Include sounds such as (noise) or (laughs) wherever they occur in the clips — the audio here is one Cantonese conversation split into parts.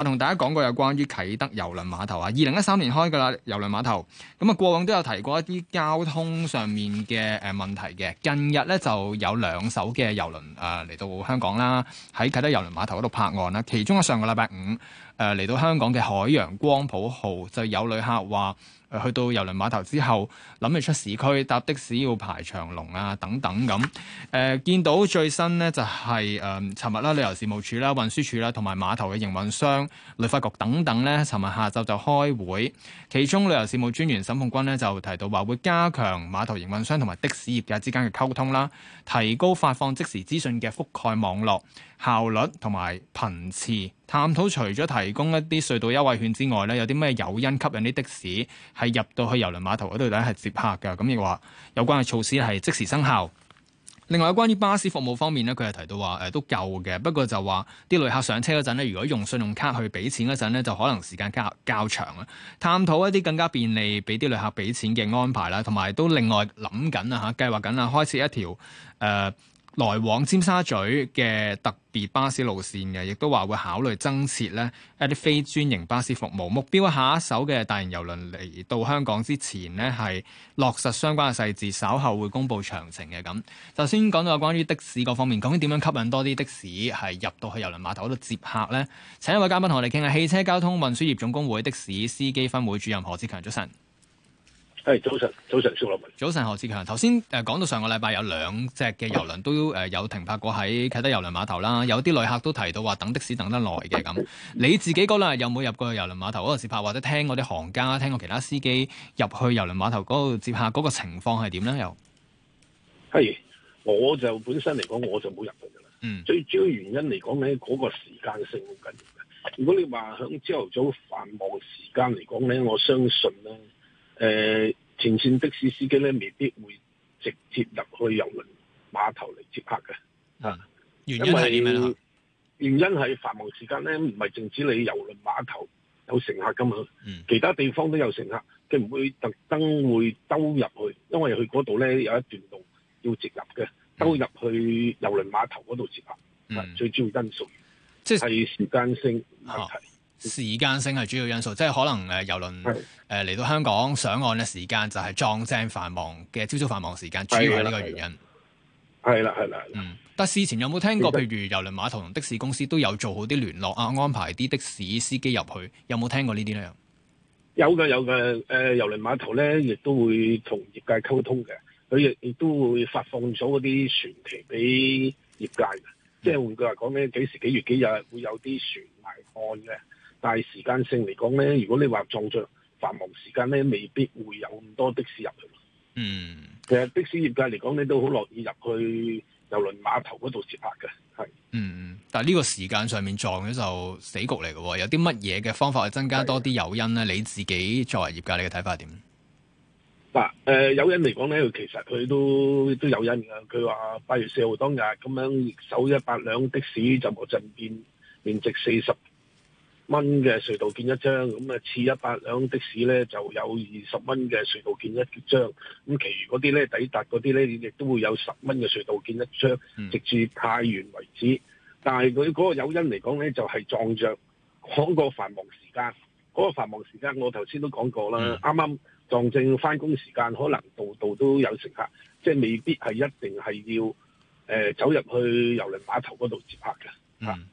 我同大家講過有關於啟德郵輪碼頭啊，二零一三年開噶啦郵輪碼頭，咁啊過往都有提過一啲交通上面嘅誒問題嘅。近日呢，就有兩艘嘅郵輪啊嚟到香港啦，喺啟德郵輪碼頭嗰度泊岸啦。其中啊上個禮拜五誒嚟、呃、到香港嘅海洋光譜號就有旅客話，去到郵輪碼頭之後，諗住出市區搭的士要排長龍啊，等等咁。誒、呃，見到最新呢、就是，就係誒，尋日啦旅遊事務署啦、運輸處啦，同埋碼頭嘅營運商、旅發局等等呢，尋日下晝就開會，其中旅遊事務專員沈鳳君呢就提到話會加強碼頭營運商同埋的士業界之間嘅溝通啦，提高發放即時資訊嘅覆蓋網絡。效率同埋頻次，探討除咗提供一啲隧道優惠券之外咧，有啲咩誘因吸引啲的士係入到去郵輪碼頭嗰度咧係接客嘅，咁亦話有關嘅措施係即時生效。另外，有關於巴士服務方面咧，佢係提到話誒、呃、都夠嘅，不過就話啲旅客上車嗰陣咧，如果用信用卡去俾錢嗰陣咧，就可能時間較較長啊。探討一啲更加便利俾啲旅客俾錢嘅安排啦，同埋都另外諗緊啊嚇，計劃緊啊，開設一條誒。呃來往尖沙咀嘅特別巴士路線嘅，亦都話會考慮增設呢一啲非專營巴士服務。目標下一艘嘅大型郵輪嚟到香港之前呢係落實相關嘅細節，稍後會公布詳情嘅。咁，首先講到關於的士嗰方面，究竟點樣吸引多啲的士係入到去郵輪碼頭嗰度接客呢？請一位嘉賓同我哋傾下。汽車交通運輸業總工會的士司機分會主任何志強，早晨。係，早晨，早晨，早晨，早晨何志強。頭先誒講到上個禮拜有兩隻嘅郵輪都誒有停泊過喺啟德郵輪碼頭啦。有啲旅客都提到話等的士等得耐嘅咁。你自己嗰兩日有冇入過郵輪碼頭嗰度接拍，或者聽我啲行家、聽過其他司機入去郵輪碼頭嗰度接客嗰個情況係點咧？又係，我就本身嚟講，我就冇入去噶啦。嗯，最主要原因嚟講咧，嗰、那個時間性好緊要嘅。如果你話響朝頭早繁忙時間嚟講咧，我相信咧。誒、呃，前線的士司機咧，未必會直接入去郵輪碼頭嚟接客嘅。啊，原因係咩啊？因原因係繁忙時間咧，唔係淨止你郵輪碼頭有乘客噶嘛，嗯、其他地方都有乘客，佢唔會特登會兜入去，因為佢嗰度咧有一段路要直入嘅，兜入去郵輪碼頭嗰度接客，嗯啊。最主要因素即係是時間性問題。時間性係主要因素，即係可能誒郵輪誒嚟到香港的上岸嘅時間就係撞正繁忙嘅朝早繁忙時間，是的主要係呢個原因。係啦，係啦。嗯，但事前有冇聽過？譬的如郵輪碼頭同的士公司都有做好啲聯絡啊，安排啲的士司機入去，有冇聽過這些呢啲咧？有嘅，有、呃、嘅。誒郵輪碼頭咧，亦都會同業界溝通嘅，佢亦亦都會發放咗嗰啲船期俾業界嘅，嗯、即係換句話講咧，幾時幾月幾日會有啲船埋岸嘅。但係時間性嚟講咧，如果你話撞着繁忙時間咧，未必會有咁多的士入去。嗯，其實的士業界嚟講你都好樂意入去郵輪碼頭嗰度接客嘅。係，嗯但係呢個時間上面撞嘅就死局嚟嘅。有啲乜嘢嘅方法去增加多啲誘因咧？的你自己作為業界，你嘅睇法係點？嗱、呃，誒，誘因嚟講咧，其實佢都都有因㗎。佢話八月四號當日咁樣收一百輛的士，就冇陣變，面值四十。蚊嘅隧道建一張，咁啊似一百輛的士呢就有二十蚊嘅隧道建一張，咁其餘嗰啲呢，抵達嗰啲呢，亦都會有十蚊嘅隧道建一張，嗯、直至太遠為止。但係佢嗰個誘因嚟講呢，就係撞着，嗰、嗰個繁忙時間。嗰個繁忙時間，我頭先都講過啦，啱啱、嗯、撞正返工時間，可能度度都有乘客，即係未必係一定係要誒、呃、走入去郵輪碼頭嗰度接客嘅，嚇、嗯。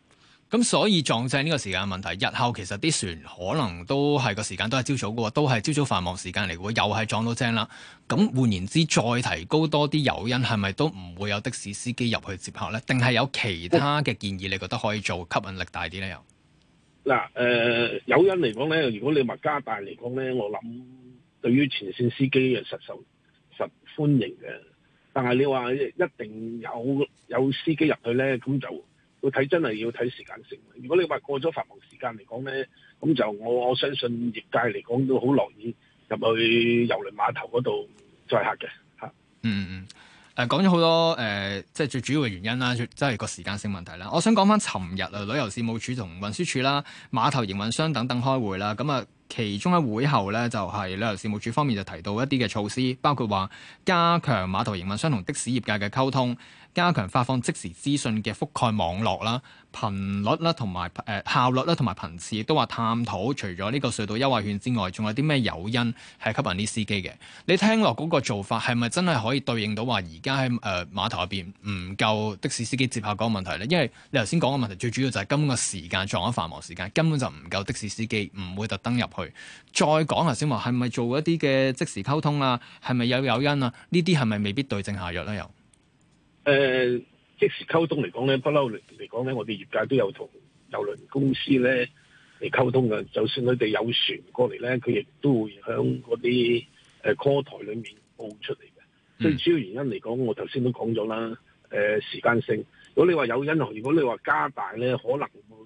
咁所以撞正呢個時間嘅問題，日後其實啲船可能都係個時間都係朝早嘅喎，都係朝早繁忙時間嚟嘅喎，又係撞到正啦。咁換言之，再提高多啲誘因，係咪都唔會有的士司機入去接客呢？定係有其他嘅建議？你覺得可以做吸引力大啲呢？又嗱、呃，誒，誘因嚟講呢，如果你話加大嚟講呢，我諗對於前線司機係實受實歡迎嘅。但係你話一定有有司機入去呢，咁就。睇真係要睇時間性。如果你話過咗繁忙時間嚟講呢，咁就我我相信業界嚟講都好樂意入去郵輪碼頭嗰度載客嘅嚇。嗯嗯嗯，講咗好多誒、呃，即係最主要嘅原因啦，即係個時間性問題啦。我想講翻尋日啊，旅遊事務署同運輸署啦、碼頭營運商等等開會啦，咁啊，其中一會後呢，就係旅遊事務署方面就提到一啲嘅措施，包括話加強碼頭營運商同的士業界嘅溝通。加強發放即時資訊嘅覆蓋網絡啦、頻率啦，同埋誒效率啦，同埋頻次，亦都話探討除咗呢個隧道優惠券之外，仲有啲咩誘因係吸引啲司機嘅。你聽落嗰個做法係咪真係可以對應到話而家喺誒碼頭入邊唔夠的士司機接客嗰個問題咧？因為你頭先講嘅問題最主要就係今個時間撞咗繁忙時間，根本就唔夠的士司機，唔會特登入去。再講頭先話係咪做一啲嘅即時溝通啊？係咪有誘因啊？呢啲係咪未必對症下藥呢？又？誒、呃、即時溝通嚟講咧，不嬲嚟嚟講咧，我哋業界都有同郵輪公司咧嚟溝通嘅。就算佢哋有船過嚟咧，佢亦都會響嗰啲誒 call 台裏面報出嚟嘅。最、嗯、主要原因嚟講，我頭先都講咗啦。誒、呃、時間性，如果你話有因，如果你話加大咧，可能會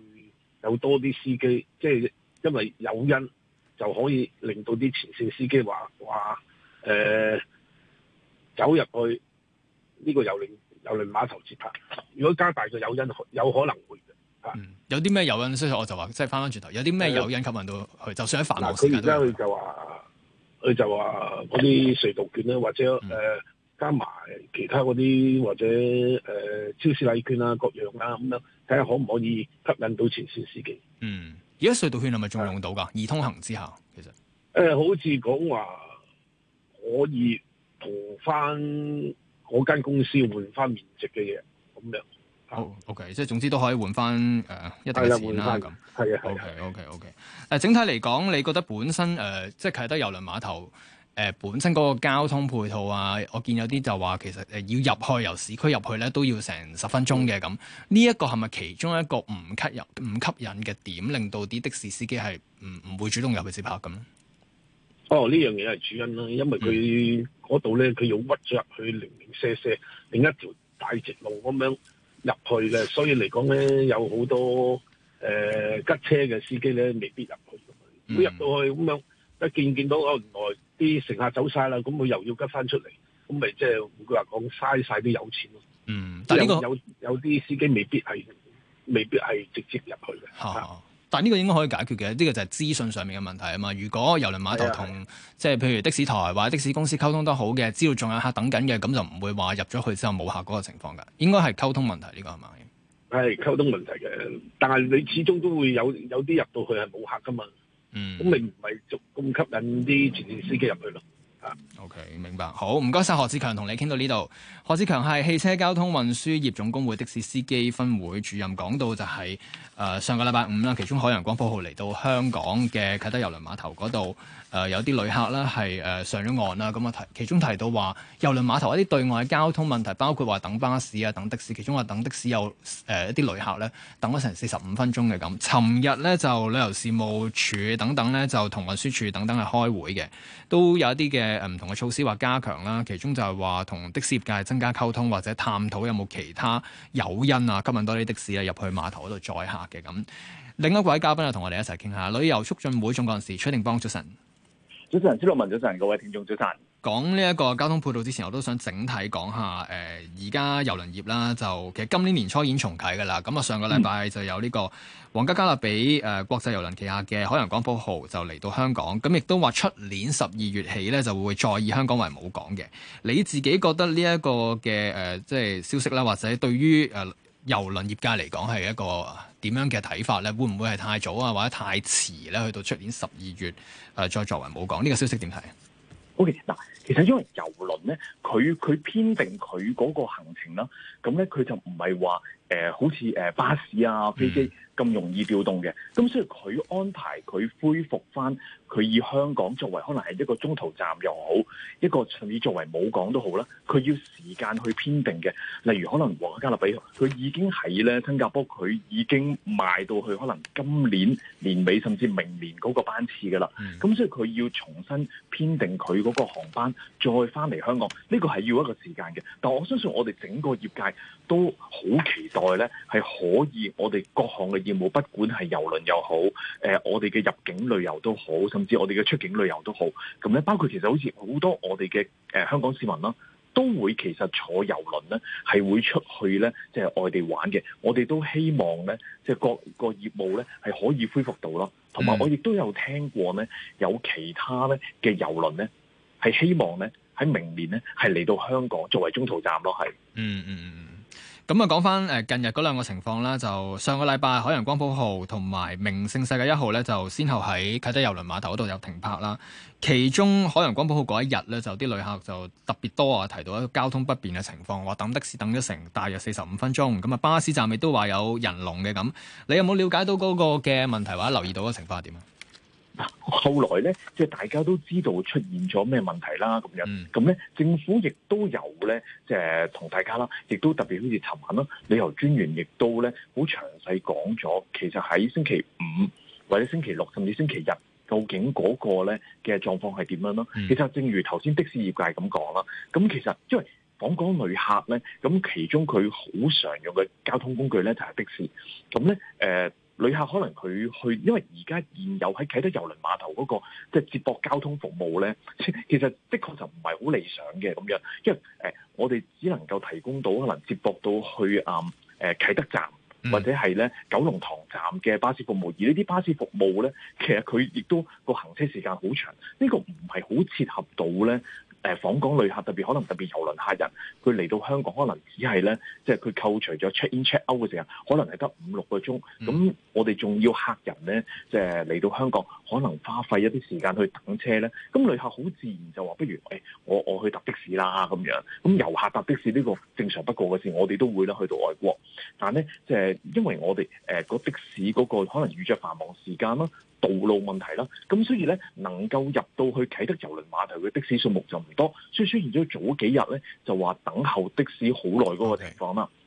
有多啲司機，即、就、係、是、因為有因就可以令到啲前線司機話話誒走入去呢、這個郵輪。由郵輪碼頭接客，如果加大個誘因有可能會嘅嚇、嗯。有啲咩誘因？所以我就話，即係翻返轉頭，有啲咩誘因吸引到佢？嗯、就算喺繁忙時間佢就話，佢就話嗰啲隧道券咧，或者誒、嗯呃、加埋其他嗰啲，或者誒、呃、超市禮券啊，各樣啊，咁樣睇下可唔可以吸引到前線司機？嗯，而家隧道券係咪仲用到㗎？的易通行之下，其實誒、呃，好似講話可以同翻。我間公司換翻面積嘅嘢，咁樣。好、oh, OK，即係總之都可以換翻誒、呃、一大換啦咁。係啊，OK OK OK。誒，整體嚟講，你覺得本身、呃、即係啟德郵輪碼頭、呃、本身嗰個交通配套啊，我見有啲就話其實要入去由市區入去咧都要成十分鐘嘅咁。呢一、嗯、個係咪其中一個唔吸引唔吸引嘅點，令到啲的士司機係唔唔會主動入去接客咁哦，呢樣嘢係主因啦，因為佢嗰度咧，佢、嗯、要屈咗入去零零舍舍，另一條大直路咁樣入去嘅，所以嚟講咧，有好多誒吉、呃、車嘅司機咧，未必入去，去。佢入到去咁樣一見見到哦，原來啲乘客走晒啦，咁佢又要吉翻出嚟，咁咪即係換句話講嘥晒啲油錢咯。嗯，但、這個、有有啲司機未必係，未必係直接入去嘅。嚇、哦！但呢個應該可以解決嘅，呢個就係資訊上面嘅問題啊嘛。如果郵輪碼頭同即係譬如的士台或者的士公司溝通得好嘅，知道仲有客等緊嘅，咁就唔會話入咗去之後冇客嗰個情況㗎。應該係溝通問題，呢個係嘛？係溝通問題嘅，但係你始終都會有有啲入到去係冇客噶嘛。嗯，咁你唔係咁吸引啲全職司機入去咯。O.K. 明白，好唔該晒。何志強同你傾到呢度。何志強係汽車交通運輸業總工會的士司機分會主任，講到就係、是、誒、呃、上個禮拜五啦，其中海洋光譜號嚟到香港嘅啟德郵輪碼頭嗰度。誒、呃、有啲旅客啦係、呃、上咗岸啦，咁啊提其中提到話郵輪碼頭一啲對外交通問題，包括話等巴士啊、等的士，其中話等的士有、呃、一啲旅客咧等咗成四十五分鐘嘅咁。尋日咧就旅遊事務署等等咧就同運輸署等等係開會嘅，都有一啲嘅唔同嘅措施話加強啦。其中就係話同的士業界增加溝通或者探討有冇其他誘因啊，吸引多啲的士啊入去碼頭嗰度載客嘅咁。另一位嘉賓啊，同我哋一齊傾下旅遊促進會總幹事崔定邦先生。早晨，朱樂文，早晨，各位聽眾，早晨。講呢一個交通配套之前，我都想整體講下，誒、呃，而家郵輪業啦，就其實今年年初已經重啟噶啦。咁啊，上個禮拜就有呢個皇家加勒比誒、呃、國際郵輪旗下嘅海洋光譜號就嚟到香港，咁亦都話出年十二月起咧就會，會再以香港為母港嘅。你自己覺得呢一個嘅誒、呃，即係消息啦，或者對於誒郵輪業界嚟講係一個？點樣嘅睇法咧？會唔會係太早啊？或者太遲咧？去到出年十二月，誒、呃、再作為冇講呢個消息點睇啊？OK，嗱，其實因為郵輪咧，佢佢編定佢嗰個行程啦，咁咧佢就唔係話誒好似誒巴士啊、飛機。嗯咁容易調動嘅，咁所以佢安排佢恢復翻，佢以香港作為可能係一個中途站又好，一個甚至作為母港都好啦。佢要時間去編定嘅，例如可能皇家加勒比，佢已經喺咧新加坡，佢已經賣到去可能今年年尾甚至明年嗰個班次噶啦。咁所以佢要重新編定佢嗰個航班再翻嚟香港，呢個係要一個時間嘅。但我相信我哋整個業界都好期待咧，係可以我哋各項嘅業。業不管係遊輪又好，誒、呃，我哋嘅入境旅遊都好，甚至我哋嘅出境旅遊都好。咁咧，包括其實好似好多我哋嘅誒香港市民啦，都會其實坐遊輪咧，係會出去咧，即係外地玩嘅。我哋都希望咧，即係各個業務咧係可以恢復到咯。同埋，我亦都有聽過咧，有其他咧嘅遊輪咧，係希望咧喺明年咧係嚟到香港作為中途站咯，係。嗯嗯嗯嗯。咁啊，講翻誒近日嗰兩個情況啦，就上個禮拜海洋光譜號同埋名勝世界一號咧，就先後喺啟德郵輪碼頭嗰度有停泊啦。其中海洋光譜號嗰一日咧，就啲旅客就特別多啊，提到一個交通不便嘅情況，話等的士等咗成大約四十五分鐘。咁啊，巴士站亦都話有人龍嘅咁。你有冇了解到嗰個嘅問題或者留意到嘅情況係點啊？後來咧，即係大家都知道出現咗咩問題啦，咁樣，咁咧政府亦都有咧，即係同大家啦，亦都特別好似尋晚啦，旅遊專員亦都咧好詳細講咗，其實喺星期五或者星期六甚至星期日，究竟嗰個咧嘅狀況係點樣咯？嗯、其實正如頭先的士業界咁講啦，咁其實因為訪港旅客咧，咁其中佢好常用嘅交通工具咧就係、是、的士，咁咧誒。呃旅客可能佢去，因為而家現有喺啟德郵輪碼頭嗰個即係接駁交通服務咧，其實的確就唔係好理想嘅咁樣，因為誒我哋只能夠提供到可能接駁到去啊誒啟德站或者係咧九龍塘站嘅巴士服務，而呢啲巴士服務咧，其實佢亦都個行車時間好長，呢個唔係好切合到咧。誒、呃、訪港旅客特別可能特別郵輪客人，佢嚟到香港可能只係咧，即係佢扣除咗 check in check out 嘅時間，可能係得五六個鐘。咁我哋仲要客人咧，即係嚟到香港可能花費一啲時間去等車咧。咁旅客好自然就話：不如誒、哎、我我去搭的士啦咁樣。咁遊客搭的士呢，這個正常不過嘅事，我哋都會咧去到外國。但咧，即、就、係、是、因為我哋誒、呃、的士嗰個可能遇着繁忙時間啦。道路問題啦，咁所以咧能夠入到去啟德郵輪碼頭嘅的，的士數目就唔多，所以出現咗早幾日咧就話等候的士好耐嗰個情況啦。Okay.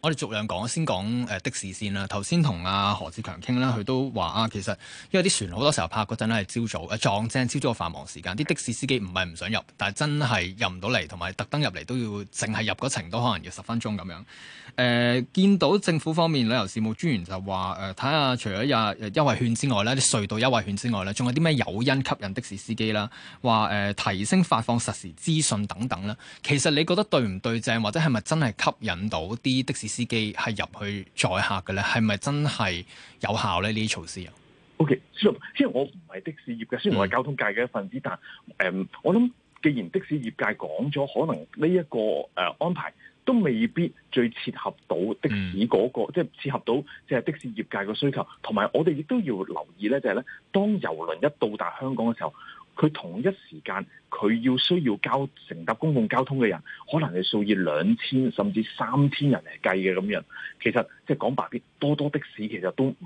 我哋逐樣講，先講、呃、的士先啦。頭先同阿何志強傾啦，佢都話啊，其實因為啲船好多時候泊嗰陣咧係朝早、啊，撞正朝早繁忙時間，啲的士司機唔係唔想入，但係真係入唔到嚟，同埋特登入嚟都要淨係入嗰程都可能要十分鐘咁樣。誒、呃，見到政府方面旅遊事務專員就話誒、睇下除咗有優惠券之外呢啲隧道優惠券之外呢，仲有啲咩誘因吸引的士司機啦？話、呃、提升發放實時資訊等等啦。其實你覺得對唔對正，或者係咪真係吸引到啲的士？司機係入去載客嘅咧，係咪真係有效咧？呢啲措施啊？O K，雖然雖然我唔係的士業嘅，雖然我係交通界嘅一份子，嗯、但誒、嗯，我諗既然的士業界講咗，可能呢、這、一個誒、呃、安排都未必最切合到的士嗰、那個，嗯、即係切合到即係的士業界嘅需求。同埋，我哋亦都要留意咧，就係、是、咧，當郵輪一到達香港嘅時候。佢同一時間佢要需要交乘搭公共交通嘅人，可能係數以兩千甚至三千人嚟計嘅咁樣。其實即係講白啲，多多的士其實都唔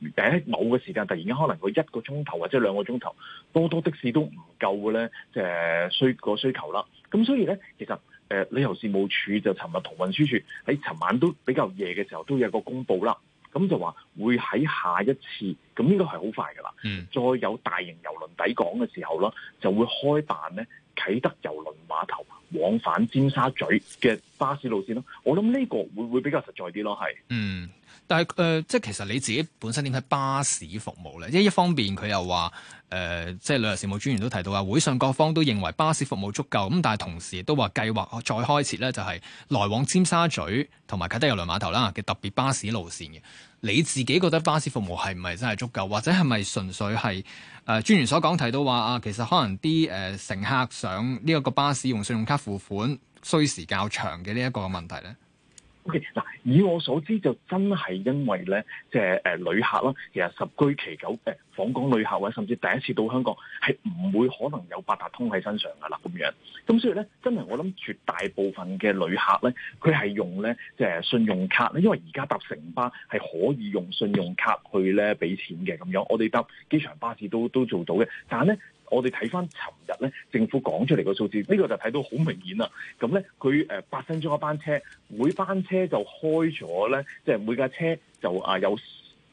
唔，誒，某個時間突然間可能佢一個鐘頭或者兩個鐘頭，多多的士都唔夠嘅咧，誒、就是、需個需求啦。咁所以咧，其實誒、呃、旅遊事務署就尋日同運輸處喺尋晚都比較夜嘅時候都有個公佈啦。咁就話會喺下一次，咁應該係好快噶啦。再有大型郵輪抵港嘅時候啦，就會開辦咧啟德郵輪碼頭往返尖沙咀嘅巴士路線咯。我諗呢個會會比較實在啲咯，係。嗯但係誒、呃，即係其實你自己本身點睇巴士服務咧？即一方面佢又話誒、呃，即係旅遊事務專員都提到話，會上各方都認為巴士服務足夠。咁但係同時亦都話計劃再開設咧，就係來往尖沙咀同埋啟德郵輪碼頭啦嘅特別巴士路線嘅。你自己覺得巴士服務係唔係真係足夠，或者係咪純粹係誒、呃、專員所講提到話啊？其實可能啲誒、呃、乘客上呢一個巴士用信用卡付款，需時較長嘅呢一個問題咧？O.K. 嗱，以我所知就真係因為咧，即係誒旅客其實十居其九誒呃、訪港旅客甚至第一次到香港係唔會可能有八達通喺身上噶啦，咁樣，咁所以咧，真係我諗絕大部分嘅旅客咧，佢係用咧即係信用卡咧，因為而家搭城巴係可以用信用卡去咧俾錢嘅咁樣，我哋搭機場巴士都都做到嘅，但係咧。我哋睇翻尋日咧，政府講出嚟個數字，呢個就睇到好明顯啦。咁咧，佢誒八分鐘一班車，每班車就開咗咧，即係每架車就啊有。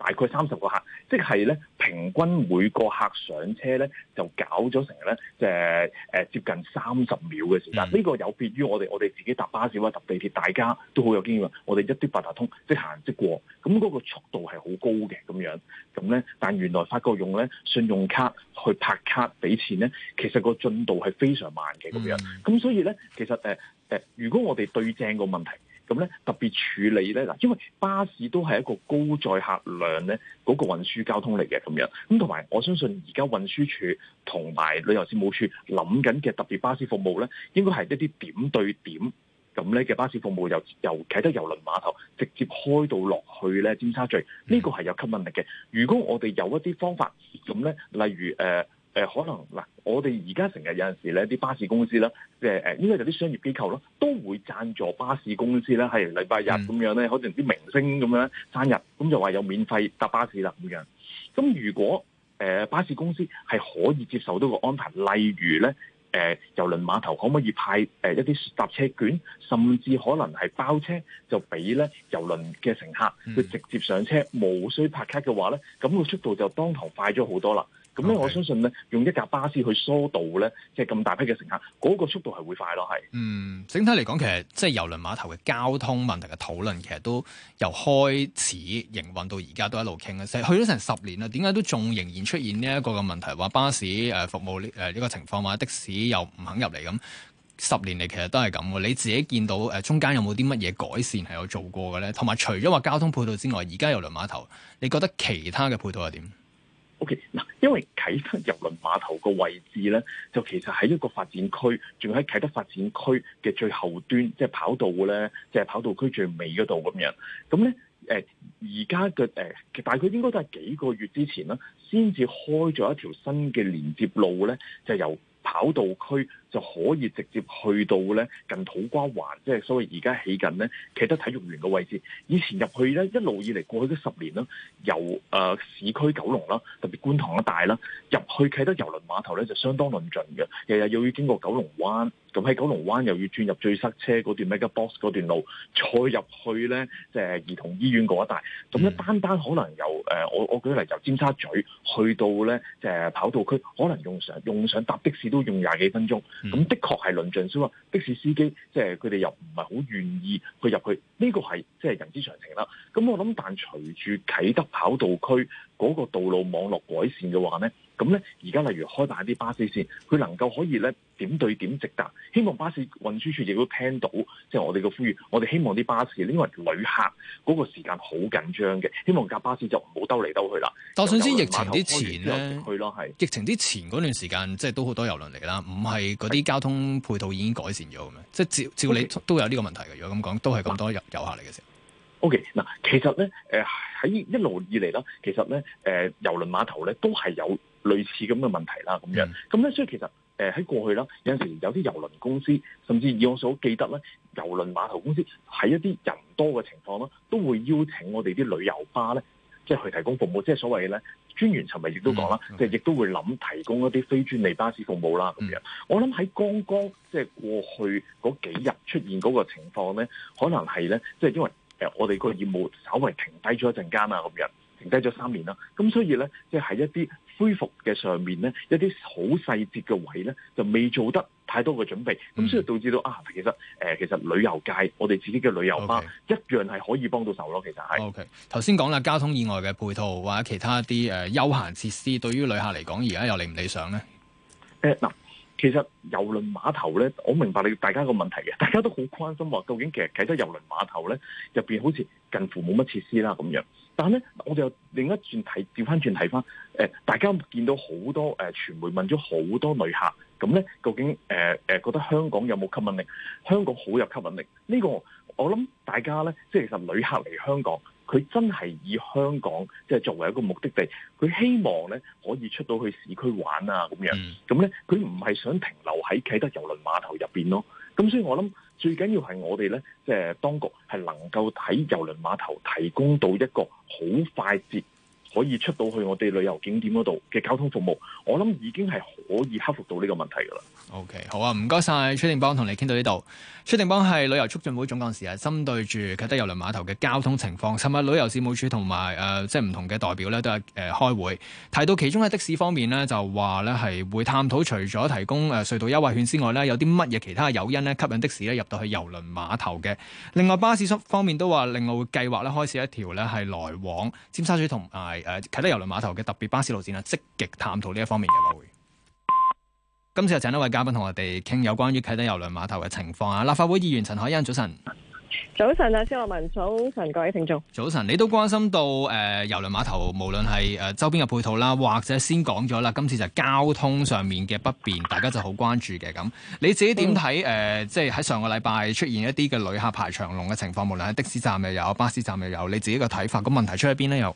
大概三十個客，即係咧平均每個客上車咧就搞咗成咧誒誒接近三十秒嘅時間。呢、嗯、個有別於我哋我哋自己搭巴士或者搭地鐵，大家都好有經驗。我哋一啲八達通即行即過，咁、那、嗰個速度係好高嘅咁樣。咁咧，但原來發覺用咧信用卡去拍卡俾錢咧，其實個進度係非常慢嘅咁、嗯、樣。咁所以咧，其實誒、呃呃、如果我哋對正個問題。咁咧特別處理咧嗱，因為巴士都係一個高載客量咧嗰個運輸交通嚟嘅咁樣，咁同埋我相信而家運輸署同埋旅遊事務署諗緊嘅特別巴士服務咧，應該係一啲點對點咁咧嘅巴士服務，由由啟德郵輪碼頭直接開到落去咧尖沙咀，呢個係有吸引力嘅。如果我哋有一啲方法咁咧，例如誒、呃誒、呃、可能嗱，我哋而家成日有陣時咧，啲巴士公司啦，即係誒，應該啲商業機構啦，都會贊助巴士公司啦，係禮拜日咁樣咧，嗯、可能啲明星咁樣生日，咁就話有免費搭巴士啦咁樣。咁如果、呃、巴士公司係可以接受到個安排，例如咧誒郵輪碼頭可唔可以派、呃、一啲搭車券，甚至可能係包車就呢，就俾咧郵輪嘅乘客去、嗯、直接上車，無需拍卡嘅話咧，咁、個速度就當堂快咗好多啦。咁咧，Okay. 我相信咧，用一架巴士去疏導咧，即係咁大批嘅乘客，嗰、那個速度係會快咯，係。嗯，整體嚟講，其實即係郵輪碼頭嘅交通問題嘅討論，其實都由開始營運到而家都一路傾啊，其實去咗成十年啦。點解都仲仍然出現呢一個嘅問題？話巴士、呃、服務呢一、呃這個情況，話的士又唔肯入嚟咁。十年嚟其實都係咁喎。你自己見到、呃、中間有冇啲乜嘢改善係有做過嘅咧？同埋除咗話交通配套之外，而家郵輪碼頭，你覺得其他嘅配套係點？嗱，okay, 因為啟德郵輪碼頭個位置咧，就其實喺一個發展區，仲喺啟德發展區嘅最後端，即係跑道咧，即係跑道區最尾嗰度咁樣。咁咧，誒而家嘅誒，大概應該都係幾個月之前啦，先至開咗一條新嘅連接路咧，就由跑道區。就可以直接去到咧近土瓜灣，即係所謂而家起緊咧啟德體育園嘅位置。以前入去咧一路以嚟過去嗰十年啦，由、呃、市區九龍啦，特別觀塘一帶啦，入去啟德郵輪碼頭咧就相當論盡嘅。日日又要經過九龍灣，咁喺九龍灣又要轉入最塞車嗰段 mega box 嗰段路，再入去咧即係兒童醫院嗰一帶。咁一、嗯、單單可能由我我舉例由尖沙咀去到咧即係跑道區，可能用上用上搭的士都用廿幾分鐘。咁 (noise) 的確係論盡先話的士司機，即係佢哋又唔係好願意去入去，呢個係即係人之常情啦。咁我諗，但隨住啟德跑道區嗰個道路網絡改善嘅話咧。咁咧，而家例如開大啲巴士線，佢能夠可以咧點對點直達，希望巴士運輸處亦都聽到，即係我哋嘅呼籲。我哋希望啲巴士，因為旅客嗰個時間好緊張嘅，希望架巴士就唔好兜嚟兜去啦。但係想疫情之前咧，係疫情之前嗰段時間，即係都好多郵輪嚟啦，唔係嗰啲交通配套已經改善咗咁咩？的即係照照你都有呢個問題嘅，如果咁講，都係咁多遊客嚟嘅時候。O K，嗱，其實咧，喺一路以嚟啦，其實咧，誒郵輪碼頭咧都係有。類似咁嘅問題啦，咁樣咁咧，嗯、所以其實誒喺、呃、過去啦，有陣時候有啲郵輪公司，甚至以我所記得咧，郵輪碼頭公司喺一啲人多嘅情況啦，都會邀請我哋啲旅遊巴咧，即係去提供服務，即係所謂咧專員尋日亦都講啦，即係亦都會諗提供一啲非專利巴士服務啦，咁樣。嗯、我諗喺剛剛即係過去嗰幾日出現嗰個情況咧，可能係咧，即係因為、呃、我哋個業務稍微停低咗一陣間啊，咁樣停低咗三年啦，咁所以咧，即係喺一啲。恢復嘅上面咧，一啲好細節嘅位咧，就未做得太多嘅準備，咁、嗯、所以導致到啊，其實誒、呃，其實旅遊界我哋自己嘅旅遊巴 Okay. 一樣係可以幫到手咯。其實係。O K，頭先講啦，交通以外嘅配套或者其他一啲誒、呃、休閒設施，對於旅客嚟講，而家又理唔理想咧？誒嗱、呃，其實郵輪碼頭咧，我明白你大家個問題嘅，大家都好關心話，究竟其實其他郵輪碼頭咧入邊面好似近乎冇乜設施啦咁樣。但係咧，我哋又另一轉睇，調翻轉睇翻，大家見到好多誒、呃，傳媒問咗好多旅客，咁咧，究竟誒誒、呃呃、覺得香港有冇吸引力？香港好有吸引力。呢、這個我諗大家咧，即係其實旅客嚟香港，佢真係以香港即係作為一個目的地，佢希望咧可以出到去市區玩啊，咁樣，咁咧佢唔係想停留喺啟德郵輪碼頭入邊咯。咁所以我諗。最緊要係我哋咧，即係當局係能夠喺郵輪碼頭提供到一個好快捷，可以出到去我哋旅遊景點嗰度嘅交通服務，我諗已經係可以克服到呢個問題噶啦。O.K. 好啊，唔該晒。崔定邦，同你傾到呢度。崔定邦係旅遊促進會總幹事啊，針對住啟德郵輪碼頭嘅交通情況，尋日旅遊事務處、呃、同埋即係唔同嘅代表咧，都係誒、呃、開會提到其中喺的，的士方面呢，就話咧係會探討除咗提供隧道優惠券之外咧，有啲乜嘢其他嘅誘因呢吸引的士咧入到去郵輪碼頭嘅。另外巴士方方面都話，另外會計劃咧開始一條咧係來往尖沙咀同埋誒啟德郵輪碼頭嘅特別巴士路線啊，積極探討呢一方面嘅會。今次就請一位嘉賓同我哋傾有關於啟德郵輪碼頭嘅情況啊。立法會議員陳凱欣，早晨。早晨啊，肖文。早晨各位聽眾。早晨，你都關心到誒郵輪碼頭，無論係誒周邊嘅配套啦，或者先講咗啦，今次就交通上面嘅不便，大家就好關注嘅。咁你自己點睇誒？即係喺上個禮拜出現一啲嘅旅客排長龍嘅情況，無論喺的士站又有，巴士站又有，你自己嘅睇法？咁問題出喺邊呢？又？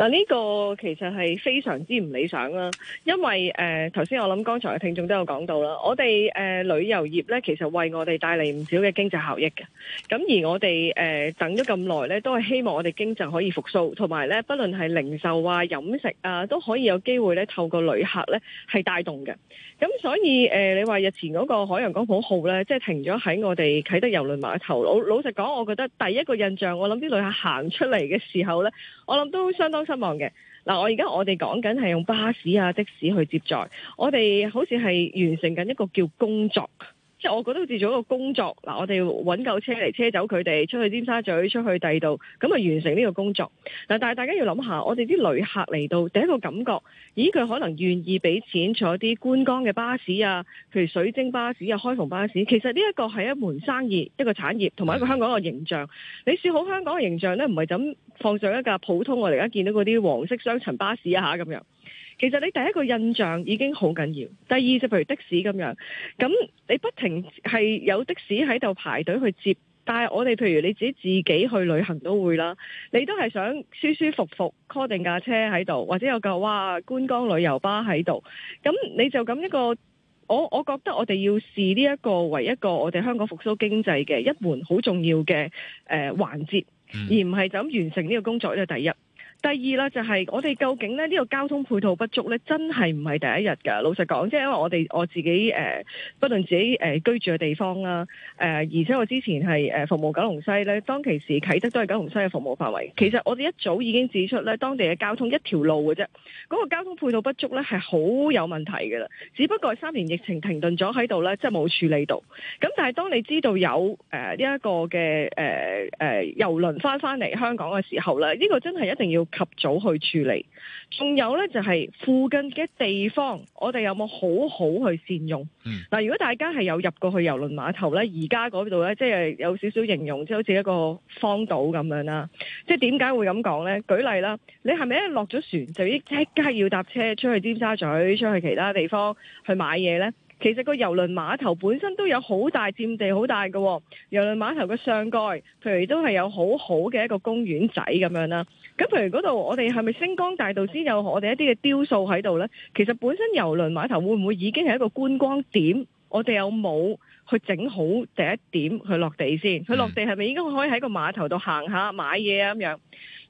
嗱呢個其實係非常之唔理想啦，因為誒頭先我諗，剛才嘅聽眾都有講到啦，我哋誒、呃、旅遊業咧，其實為我哋帶嚟唔少嘅經濟效益嘅。咁而我哋誒、呃、等咗咁耐咧，都係希望我哋經濟可以復甦，同埋咧，不論係零售啊、飲食啊，都可以有機會咧透過旅客咧係帶動嘅。咁所以誒、呃，你話日前嗰個海洋光譜號咧，即係停咗喺我哋啟德郵輪碼頭，老老實講，我覺得第一個印象，我諗啲旅客行出嚟嘅時候咧，我諗都相當失望嘅。嗱，現在我而家我哋講緊係用巴士啊、的士去接載，我哋好似係完成緊一個叫工作。即係我覺得好似做一個工作，嗱我哋揾夠車嚟車走佢哋出去尖沙咀、出去第二度，咁啊完成呢個工作。嗱，但係大家要諗下，我哋啲旅客嚟到第一個感覺，咦佢可能願意俾錢坐啲觀光嘅巴士啊，譬如水晶巴士啊、開篷巴士，其實呢一個係一門生意、一個產業，同埋一個香港嘅形象。你選好香港嘅形象咧，唔係咁放上一架普通我哋而家見到嗰啲黃色雙層巴士下、啊、咁樣。其實你第一個印象已經好緊要，第二就譬如的士咁樣，咁你不停係有的士喺度排隊去接，但係我哋譬如你自己自己去旅行都會啦，你都係想舒舒服服 call 定架車喺度，或者有架哇觀光旅遊巴喺度，咁你就咁一個，我我覺得我哋要視呢一個為一個我哋香港復蘇經濟嘅一門好重要嘅誒、呃、環節，嗯、而唔係就咁完成呢個工作呢個，第一。第二啦，就係、是、我哋究竟呢呢個交通配套不足呢？真係唔係第一日㗎。老實講，即係因為我哋我自己誒、呃，不論自己誒、呃、居住嘅地方啦，誒、呃，而且我之前係誒服務九龍西呢，當其時啟德都係九龍西嘅服務範圍。其實我哋一早已經指出呢，當地嘅交通一條路嘅啫，嗰、那個交通配套不足呢，係好有問題㗎啦。只不過三年疫情停頓咗喺度呢，即係冇處理到。咁但係當你知道有誒呢、呃、一個嘅誒誒郵輪返返嚟香港嘅時候呢，呢、這個真係一定要。及早去處理，仲有呢，就係附近嘅地方，我哋有冇好好去善用？嗯，嗱，如果大家係有入過去郵輪碼頭呢，而家嗰度呢，即係有少少形容，即係好似一個荒島咁樣啦。即係點解會咁講呢？舉例啦，你係咪一落咗船就即刻要搭車出去尖沙咀、出去其他地方去買嘢呢？其實個郵輪碼頭本身都有好大佔地，好大㗎喎。郵輪碼頭嘅上蓋，譬如都係有好好嘅一個公園仔咁樣啦。咁譬如嗰度，我哋係咪星光大道先有我哋一啲嘅雕塑喺度呢？其實本身郵輪碼頭會唔會已經係一個觀光點？我哋有冇去整好第一點去落地先？佢落地係咪應該可以喺個碼頭度行下買嘢啊咁樣？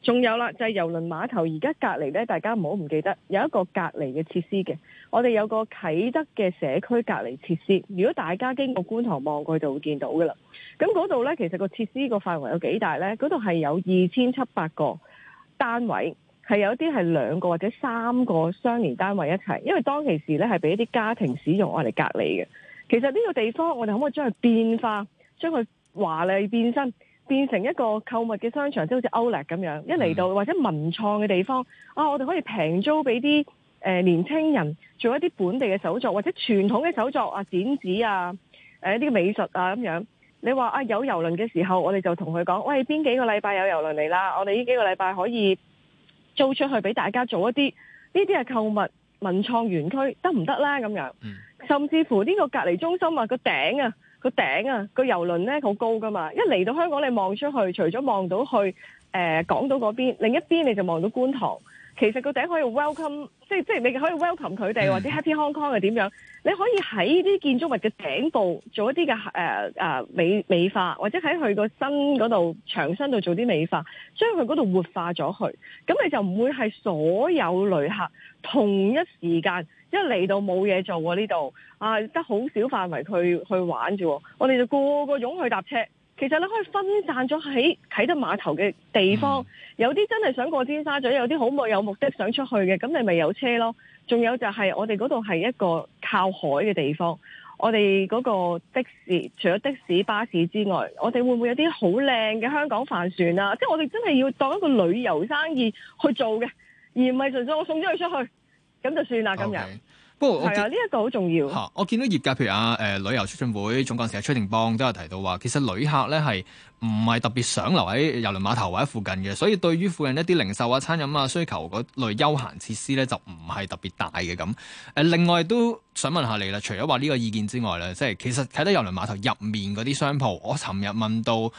仲有啦，就係郵輪碼頭而家隔離呢，大家唔好唔記得有一個隔離嘅設施嘅。我哋有個啟德嘅社區隔離設施，如果大家經過觀塘望過去就會見到㗎啦。咁嗰度呢，其實個設施個範圍有幾大呢？嗰度係有二千七百個單位，係有啲係兩個或者三個相連單位一齊，因為當其時呢，係俾一啲家庭使用我嚟隔離嘅。其實呢個地方，我哋可唔可以將佢變化，將佢華麗變身，變成一個購物嘅商場，即係好似 Outlet 咁樣。一嚟到、嗯、或者文創嘅地方，啊，我哋可以平租俾啲。誒年青人做一啲本地嘅手作，或者傳統嘅手作啊，剪紙啊，一啲美術啊咁樣。你話啊，有郵輪嘅時候，我哋就同佢講，喂，邊幾個禮拜有郵輪嚟啦？我哋呢幾個禮拜可以租出去俾大家做一啲呢啲係購物文創園區，得唔得啦？」咁樣，嗯、甚至乎呢個隔離中心啊，個頂啊，個頂啊，個郵輪呢，好高噶嘛！一嚟到香港你望出去，除咗望到去誒、呃、港島嗰邊，另一邊你就望到觀塘。其實個頂可以 welcome，即係即係你可以 welcome 佢哋或者 happy Hong Kong 係點樣？你可以喺啲建築物嘅頂部做一啲嘅、呃呃、美美化，或者喺佢個身嗰度牆身度做啲美化，將佢嗰度活化咗去。咁你就唔會係所有旅客同一時間一嚟到冇嘢做喎，呢度啊，得好少範圍去去玩喎，我哋就個個湧去搭車。其實你可以分散咗喺啟德碼頭嘅地方，有啲真係想過尖沙咀，有啲好冇有目的想出去嘅，咁你咪有車咯。仲有就係我哋嗰度係一個靠海嘅地方，我哋嗰個的士，除咗的士巴士之外，我哋會唔會有啲好靚嘅香港帆船啊？即係我哋真係要當一個旅遊生意去做嘅，而唔係純粹我送咗佢出去咁就算啦，今日。係啊，呢一個好重要。嚇、啊，我見到業界譬如啊，誒、呃、旅遊促進會總幹事崔定邦都有提到話，其實旅客咧係唔係特別想留喺郵輪碼頭或者附近嘅，所以對於附近一啲零售啊、餐飲啊需求嗰類休閒設施咧就唔係特別大嘅咁。誒、呃，另外都想問下你啦，除咗話呢個意見之外咧，即係其實睇得郵輪碼頭入面嗰啲商鋪，我尋日問到誒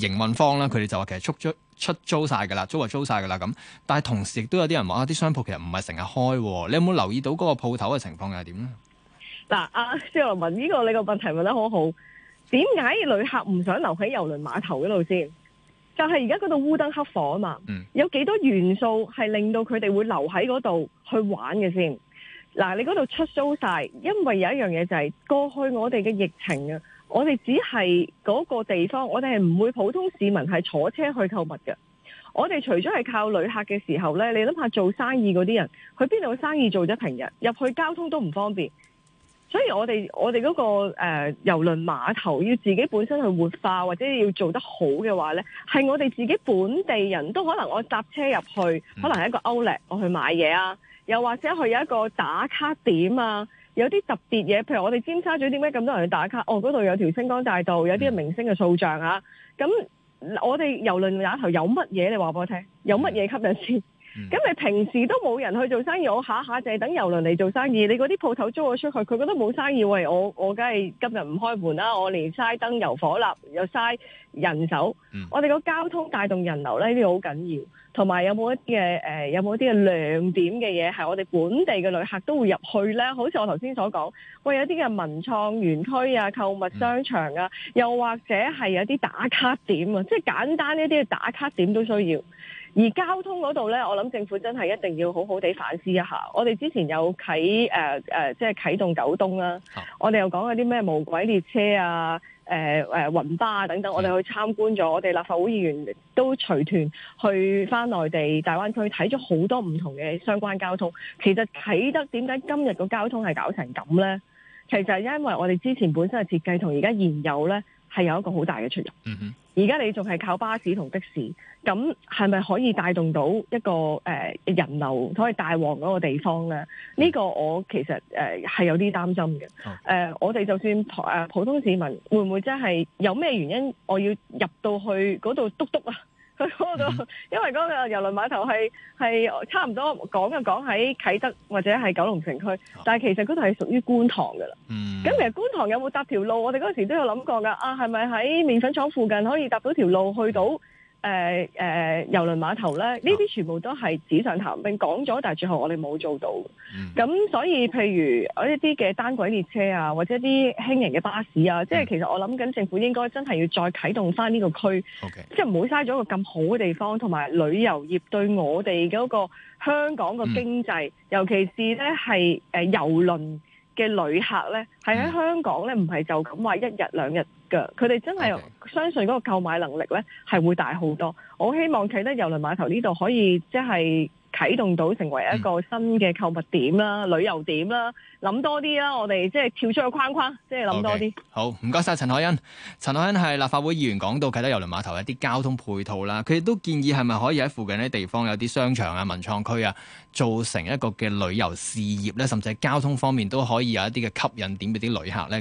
營運方咧，佢哋就話其實促進。出租晒噶啦，租就租晒噶啦咁，但係同時亦都有啲人話啊，啲商鋪其實唔係成日開，你有冇留意到嗰個鋪頭嘅情況係點咧？嗱、啊，阿肖文呢、呢個你個問題問得好好，點解旅客唔想留喺郵輪碼頭嗰度先？就係而家嗰度烏燈黑火啊嘛，嗯、有幾多元素係令到佢哋會留喺嗰度去玩嘅先？嗱、啊，你嗰度出租晒，因為有一樣嘢就係過去我哋嘅疫情啊。我哋只係嗰個地方，我哋係唔會普通市民係坐車去購物嘅，我哋除咗係靠旅客嘅時候呢，你諗下做生意嗰啲人，去邊度生意做咗，平日入去交通都唔方便，所以我哋我哋嗰、那個誒郵、呃、輪碼頭要自己本身去活化，或者要做得好嘅話呢，係我哋自己本地人都可能我搭車入去，可能係一個歐力我去買嘢啊，又或者去有一個打卡點啊。有啲特別嘢，譬如我哋尖沙咀點解咁多人去打卡？哦，嗰度有條星光大道，有啲明星嘅塑像啊。咁、嗯、我哋郵輪碼頭有乜嘢？你話俾我聽，有乜嘢吸引先？咁、嗯、你平時都冇人去做生意，我下下就係等郵輪嚟做生意。你嗰啲鋪頭租咗出去，佢覺得冇生意，喂，我我梗係今日唔開門啦。我連嘥燈油火蠟又嘥人手。嗯、我哋個交通帶動人流呢啲好緊要。同埋有冇一啲嘅、呃、有冇一啲嘅亮點嘅嘢，係我哋本地嘅旅客都會入去咧？好似我頭先所講，喂，有啲嘅文創園區啊、購物商場啊，又或者係有啲打卡點啊，即係簡單一啲嘅打卡點都需要。而交通嗰度呢，我諗政府真係一定要好好地反思一下。我哋之前有啟誒、呃呃、即係啟動九東啦。Oh. 我哋又講嗰啲咩無軌列車啊、誒、呃、誒、呃、雲巴啊等等，我哋去參觀咗。我哋立法會議員都隨團去翻內地、大灣區睇咗好多唔同嘅相關交通。其實啟德點解今日個交通係搞成咁呢？其實係因為我哋之前本身嘅設計同而家現有呢，係有一個好大嘅出入。嗯、mm hmm. 而家你仲係靠巴士同的士，咁係咪可以帶動到一個誒、呃、人流可以大旺嗰個地方咧？呢、呢個我其實誒係、呃、有啲擔心嘅。誒、哦呃，我哋就算普通市民，會唔會真係有咩原因我要入到去嗰度嘟嘟啊？個， (laughs) 因為嗰個郵輪碼頭係係差唔多講一講喺啟德或者係九龍城區，但係其實嗰度係屬於觀塘噶啦。咁、嗯、其實觀塘有冇搭條路？我哋嗰時候都有諗過噶。啊，係咪喺麵粉廠附近可以搭到條路去到？誒誒郵輪碼頭咧，呢啲全部都係紙上談兵講咗，但係最後我哋冇做到。咁、嗯、所以，譬如一啲嘅單軌列車啊，或者一啲輕型嘅巴士啊，即係、嗯、其實我諗緊政府應該真係要再啟動翻呢個區，即係唔好嘥咗個咁好嘅地方，同埋旅遊業對我哋嘅嗰個香港嘅經濟，嗯、尤其是咧係誒郵輪。嘅旅客咧，係喺香港咧，唔係就咁話一日兩日嘅，佢哋真係相信嗰個購買能力咧，係會大好多。我希望啟德郵輪碼頭呢度可以即係。就是啟動到成為一個新嘅購物點啦，嗯、旅遊點啦，諗多啲啦。我哋即係跳出個框框，即係諗多啲。Okay. 好，唔該晒陳凱欣。陳凱欣係立法會議員，講到啟德郵輪碼頭一啲交通配套啦，佢亦都建議係咪可以喺附近啲地方有啲商場啊、文創區啊，做成一個嘅旅遊事業咧，甚至係交通方面都可以有一啲嘅吸引點俾啲旅客咧。